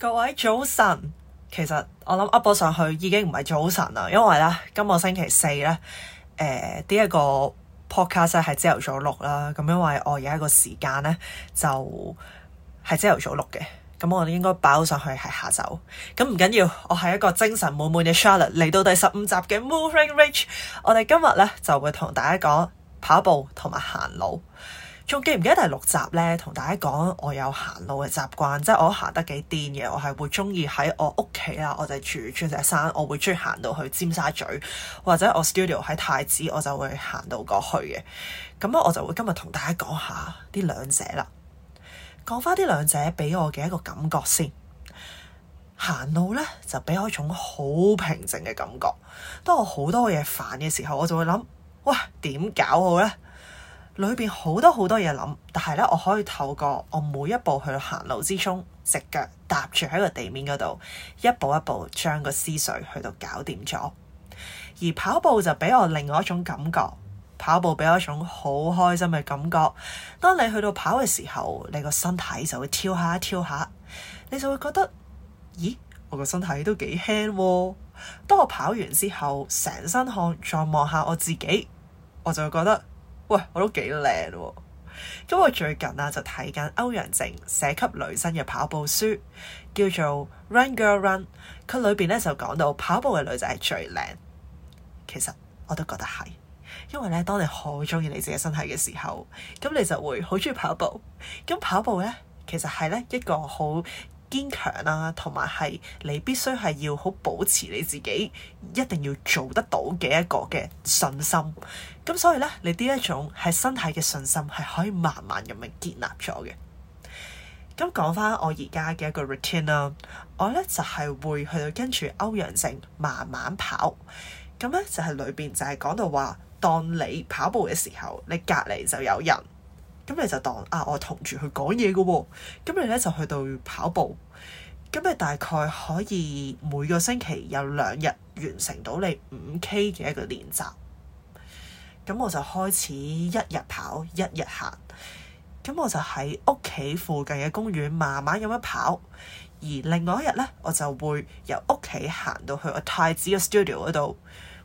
各位早晨，其實我諗 upload 上去已經唔係早晨啦，因為咧今個星期四咧，誒、呃，呢、這、一個 podcast 係朝頭早錄啦，咁因為我而家個時間咧就係朝頭早錄嘅，咁我哋應該擺好上去係下晝，咁唔緊要，我係一個精神滿滿嘅 Charlotte 嚟到第十五集嘅 Moving Reach，我哋今日咧就會同大家講跑步同埋行路。仲記唔記得第六集呢？同大家講我有行路嘅習慣，即係我行得幾癲嘅，我係會中意喺我屋企啦，我就住鑽石山，我會中意行到去尖沙咀，或者我 studio 喺太子，我就會行到過去嘅。咁啊，我就會今日同大家講下啲兩者啦。講翻啲兩者俾我嘅一個感覺先。行路呢，就俾我一種好平靜嘅感覺。當我好多嘢煩嘅時候，我就會諗：「嘩，點搞好呢？」裏邊好多好多嘢諗，但係咧，我可以透過我每一步去到行路之中，隻腳踏住喺個地面嗰度，一步一步將個思緒去到搞掂咗。而跑步就俾我另外一種感覺，跑步俾我一種好開心嘅感覺。當你去到跑嘅時候，你個身體就會跳下跳下，你就會覺得，咦，我個身體都幾輕喎。當我跑完之後，成身汗，再望下我自己，我就會覺得。喂，我都幾靚喎。咁我最近啊就睇緊歐陽靖寫給女生嘅跑步書，叫做《Run Girl Run》。佢裏邊咧就講到跑步嘅女仔係最靚。其實我都覺得係，因為咧，當你好鍾意你自己身體嘅時候，咁你就會好鍾意跑步。咁跑步咧，其實係咧一個好。堅強啦，同埋係你必須係要好保持你自己，一定要做得到嘅一個嘅信心。咁所以呢，你呢一種係身體嘅信心係可以慢慢咁樣建立咗嘅。咁講翻我而家嘅一個 routine 啦，我呢就係、是、會去到跟住歐陽靖慢慢跑。咁呢，就係、是、裏邊就係講到話，當你跑步嘅時候，你隔籬就有人。咁你就當啊，我同住去講嘢嘅喎，咁你咧就去到跑步，咁你大概可以每個星期有兩日完成到你五 K 嘅一個練習。咁我就開始一日跑，一日行。咁我就喺屋企附近嘅公園慢慢咁樣跑，而另外一日咧，我就會由屋企行到去我太子嘅 studio 嗰度。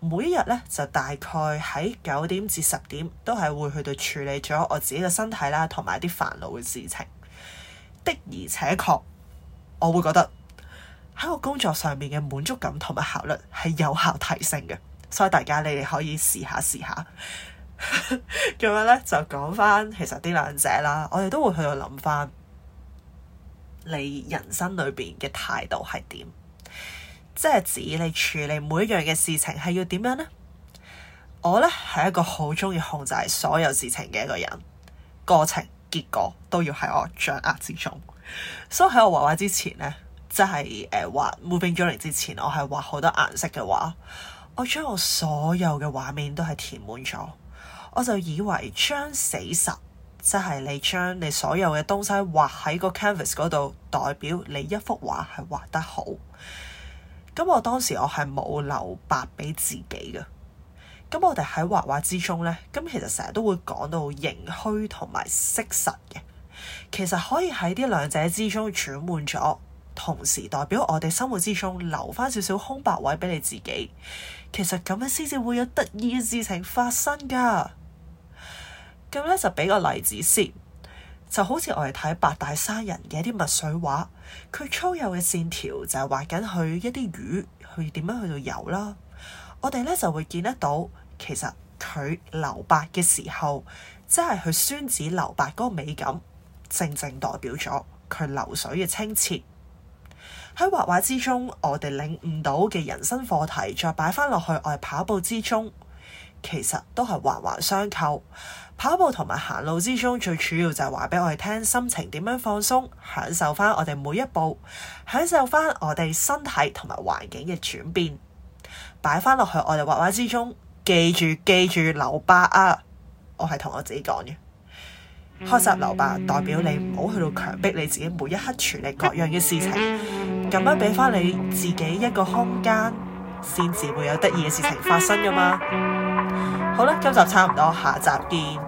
每一日咧，就大概喺九點至十點，都係會去到處理咗我自己嘅身體啦，同埋啲煩惱嘅事情。的而且確，我會覺得喺個工作上面嘅滿足感同埋效率係有效提升嘅。所以大家你哋可以試下試下。咁 樣咧就講翻，其實啲兩者啦，我哋都會去到諗翻你人生裏邊嘅態度係點。即係指你處理每一樣嘅事情係要點樣呢？我呢係一個好中意控制所有事情嘅一個人，過程結果都要喺我掌握之中。所以喺我畫畫之前呢，即係誒畫 moving journey 之前，我係畫好多顏色嘅畫。我將我所有嘅畫面都係填滿咗，我就以為將死實，即係你將你所有嘅東西畫喺個 canvas 嗰度，代表你一幅畫係畫得好。咁我當時我係冇留白俾自己嘅。咁我哋喺畫畫之中呢，咁其實成日都會講到盈虛同埋識實嘅。其實可以喺啲兩者之中轉換咗，同時代表我哋生活之中留翻少少空白位俾你自己。其實咁樣先至會有得意嘅事情發生噶。咁呢，就俾個例子先。就好似我哋睇八大山人嘅一啲墨水畫，佢粗幼嘅線條就係畫緊佢一啲魚，佢點樣去到游啦。我哋咧就會見得到，其實佢留白嘅時候，即係佢宣紙留白嗰個美感，正正代表咗佢流水嘅清澈。喺畫畫之中，我哋領悟到嘅人生課題，再擺翻落去我哋跑步之中，其實都係環環相扣。跑步同埋行路之中，最主要就係話俾我哋聽心情點樣放鬆，享受翻我哋每一步，享受翻我哋身體同埋環境嘅轉變，擺翻落去我哋畫畫之中。記住記住留白啊！我係同我自己講嘅，學習留白代表你唔好去到強迫你自己每一刻處理各樣嘅事情，咁樣俾翻你自己一個空間，先至會有得意嘅事情發生噶嘛。好啦，今集差唔多，下集見。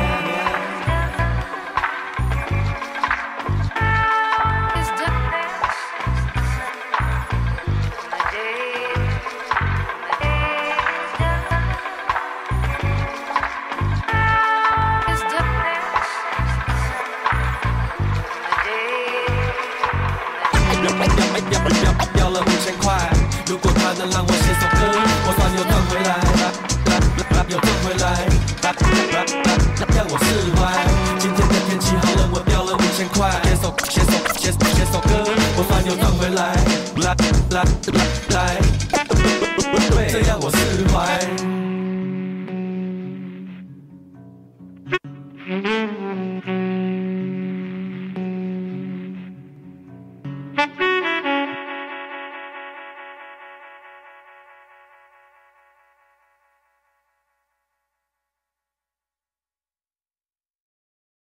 能讓我寫首歌，我算又轉回來，來來來，又轉回來，來來來，讓我釋懷。今天的天氣好冷，我掉了五千塊。寫首寫首寫首寫首歌，我算又轉回來，來來來，這讓我釋懷。